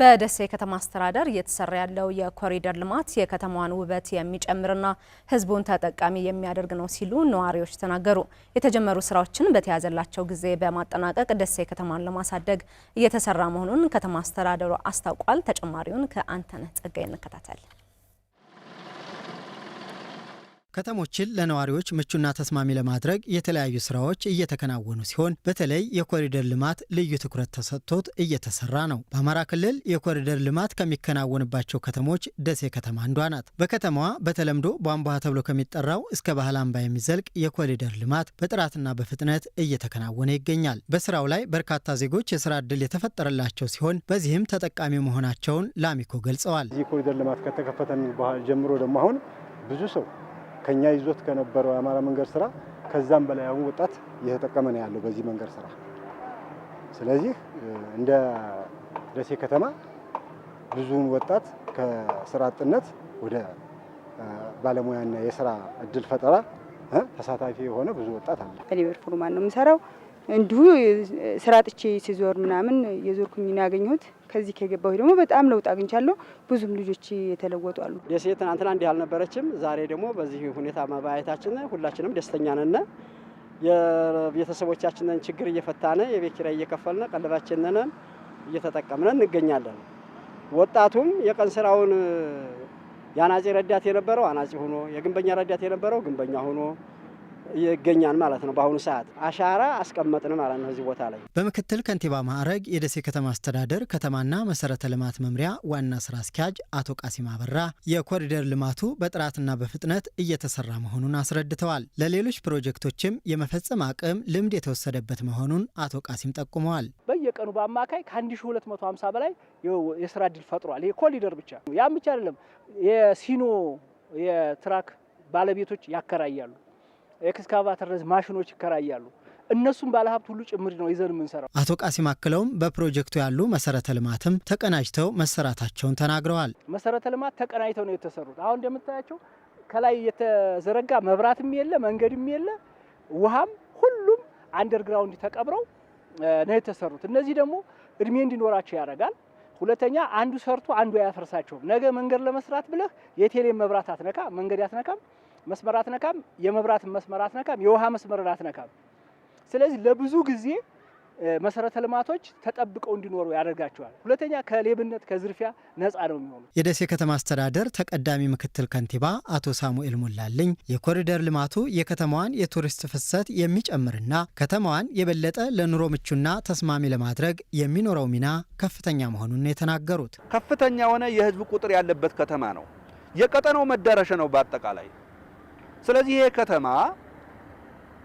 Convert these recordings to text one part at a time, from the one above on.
በደሴ ከተማ አስተዳደር እየተሰራ ያለው የኮሪደር ልማት የከተማዋን ውበት የሚጨምርና ሕዝቡን ተጠቃሚ የሚያደርግ ነው ሲሉ ነዋሪዎች ተናገሩ። የተጀመሩ ስራዎችን በተያዘላቸው ጊዜ በማጠናቀቅ ደሴ ከተማን ለማሳደግ እየተሰራ መሆኑን ከተማ አስተዳደሩ አስታውቋል። ተጨማሪውን ከአንተነህ ጸጋይ እንከታተል። ከተሞችን ለነዋሪዎች ምቹና ተስማሚ ለማድረግ የተለያዩ ስራዎች እየተከናወኑ ሲሆን በተለይ የኮሪደር ልማት ልዩ ትኩረት ተሰጥቶት እየተሰራ ነው። በአማራ ክልል የኮሪደር ልማት ከሚከናወንባቸው ከተሞች ደሴ ከተማ አንዷ ናት። በከተማዋ በተለምዶ ቧንቧ ተብሎ ከሚጠራው እስከ ባህል አምባ የሚዘልቅ የኮሪደር ልማት በጥራትና በፍጥነት እየተከናወነ ይገኛል። በስራው ላይ በርካታ ዜጎች የስራ ዕድል የተፈጠረላቸው ሲሆን በዚህም ተጠቃሚ መሆናቸውን ላሚኮ ገልጸዋል። ይህ ኮሪደር ልማት ከተከፈተን ጀምሮ ደግሞ አሁን ብዙ ሰው ከኛ ይዞት ከነበረው የአማራ መንገድ ስራ ከዛም በላይ አሁን ወጣት እየተጠቀመ ነው ያለው በዚህ መንገድ ስራ። ስለዚህ እንደ ደሴ ከተማ ብዙውን ወጣት ከስራ አጥነት ወደ ባለሙያና የስራ እድል ፈጠራ ተሳታፊ የሆነ ብዙ ወጣት አለ። እኔ በርፉርማን ነው የምሰራው። እንዲሁ ስራ ጥቼ ሲዞር ምናምን የዞርኩኝ ነው ያገኘሁት። ከዚህ ከገባሁ ደግሞ በጣም ለውጥ አግኝቻለሁ። ብዙም ልጆች የተለወጡ አሉ። ደሴ ትናንትና እንዲህ አልነበረችም። ዛሬ ደግሞ በዚህ ሁኔታ መባየታችን ሁላችንም ደስተኛ ነን። የቤተሰቦቻችንን ችግር እየፈታነ የቤት ኪራይ እየከፈልነ ቀለባችንን እየተጠቀምነ እንገኛለን። ወጣቱም የቀን ስራውን የአናጺ ረዳት የነበረው አናጺ ሆኖ፣ የግንበኛ ረዳት የነበረው ግንበኛ ሆኖ ይገኛል ማለት ነው። በአሁኑ ሰዓት አሻራ አስቀመጥን ማለት ነው እዚህ ቦታ ላይ። በምክትል ከንቲባ ማዕረግ የደሴ ከተማ አስተዳደር ከተማና መሰረተ ልማት መምሪያ ዋና ስራ አስኪያጅ አቶ ቃሲም አበራ የኮሪደር ልማቱ በጥራትና በፍጥነት እየተሰራ መሆኑን አስረድተዋል። ለሌሎች ፕሮጀክቶችም የመፈጸም አቅም ልምድ የተወሰደበት መሆኑን አቶ ቃሲም ጠቁመዋል። በየቀኑ በአማካይ ከ1250 በላይ የስራ እድል ፈጥሯል። የኮሪደር ብቻ ያም ብቻ አይደለም የሲኖ የትራክ ባለቤቶች ያከራያሉ። ኤክስካቫተርስ ማሽኖች ይከራያሉ። እነሱም ባለሀብት ሁሉ ጭምር ነው ይዘን የምንሰራው። አቶ ቃሲም አክለውም በፕሮጀክቱ ያሉ መሰረተ ልማትም ተቀናጅተው መሰራታቸውን ተናግረዋል። መሰረተ ልማት ተቀናጅተው ነው የተሰሩት። አሁን እንደምታያቸው ከላይ የተዘረጋ መብራትም የለ መንገድም የለ ውሃም፣ ሁሉም አንደርግራውንድ ተቀብረው ነው የተሰሩት። እነዚህ ደግሞ እድሜ እንዲኖራቸው ያደርጋል። ሁለተኛ አንዱ ሰርቶ አንዱ አያፈርሳቸውም። ነገ መንገድ ለመስራት ብለህ የቴሌ መብራት አትነካ መንገድ አትነካም። መስመር አትነካም፣ የመብራት መስመር አትነካም፣ የውሃ መስመር አትነካም። ስለዚህ ለብዙ ጊዜ መሰረተ ልማቶች ተጠብቀው እንዲኖሩ ያደርጋቸዋል። ሁለተኛ ከሌብነት ከዝርፊያ ነጻ ነው የሚሆኑ። የደሴ ከተማ አስተዳደር ተቀዳሚ ምክትል ከንቲባ አቶ ሳሙኤል ሞላልኝ የኮሪደር ልማቱ የከተማዋን የቱሪስት ፍሰት የሚጨምርና ከተማዋን የበለጠ ለኑሮ ምቹና ተስማሚ ለማድረግ የሚኖረው ሚና ከፍተኛ መሆኑን የተናገሩት ከፍተኛ የሆነ የህዝብ ቁጥር ያለበት ከተማ ነው። የቀጠናው መዳረሻ ነው። በአጠቃላይ ስለዚህ ይሄ ከተማ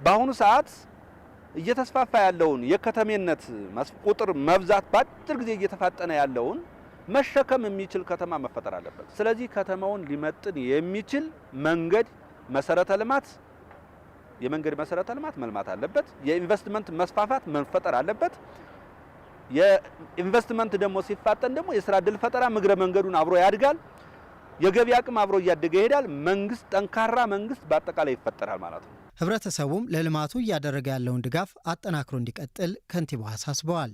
በአሁኑ ሰዓት እየተስፋፋ ያለውን የከተሜነት ቁጥር መብዛት በአጭር ጊዜ እየተፋጠነ ያለውን መሸከም የሚችል ከተማ መፈጠር አለበት። ስለዚህ ከተማውን ሊመጥን የሚችል መንገድ፣ መሰረተ ልማት የመንገድ መሰረተ ልማት መልማት አለበት። የኢንቨስትመንት መስፋፋት መፈጠር አለበት። የኢንቨስትመንት ደግሞ ሲፋጠን ደግሞ የስራ እድል ፈጠራ ምግረ መንገዱን አብሮ ያድጋል። የገቢ አቅም አብሮ እያደገ ይሄዳል። መንግስት ጠንካራ መንግስት በአጠቃላይ ይፈጠራል ማለት ነው። ህብረተሰቡም ለልማቱ እያደረገ ያለውን ድጋፍ አጠናክሮ እንዲቀጥል ከንቲባው አሳስበዋል።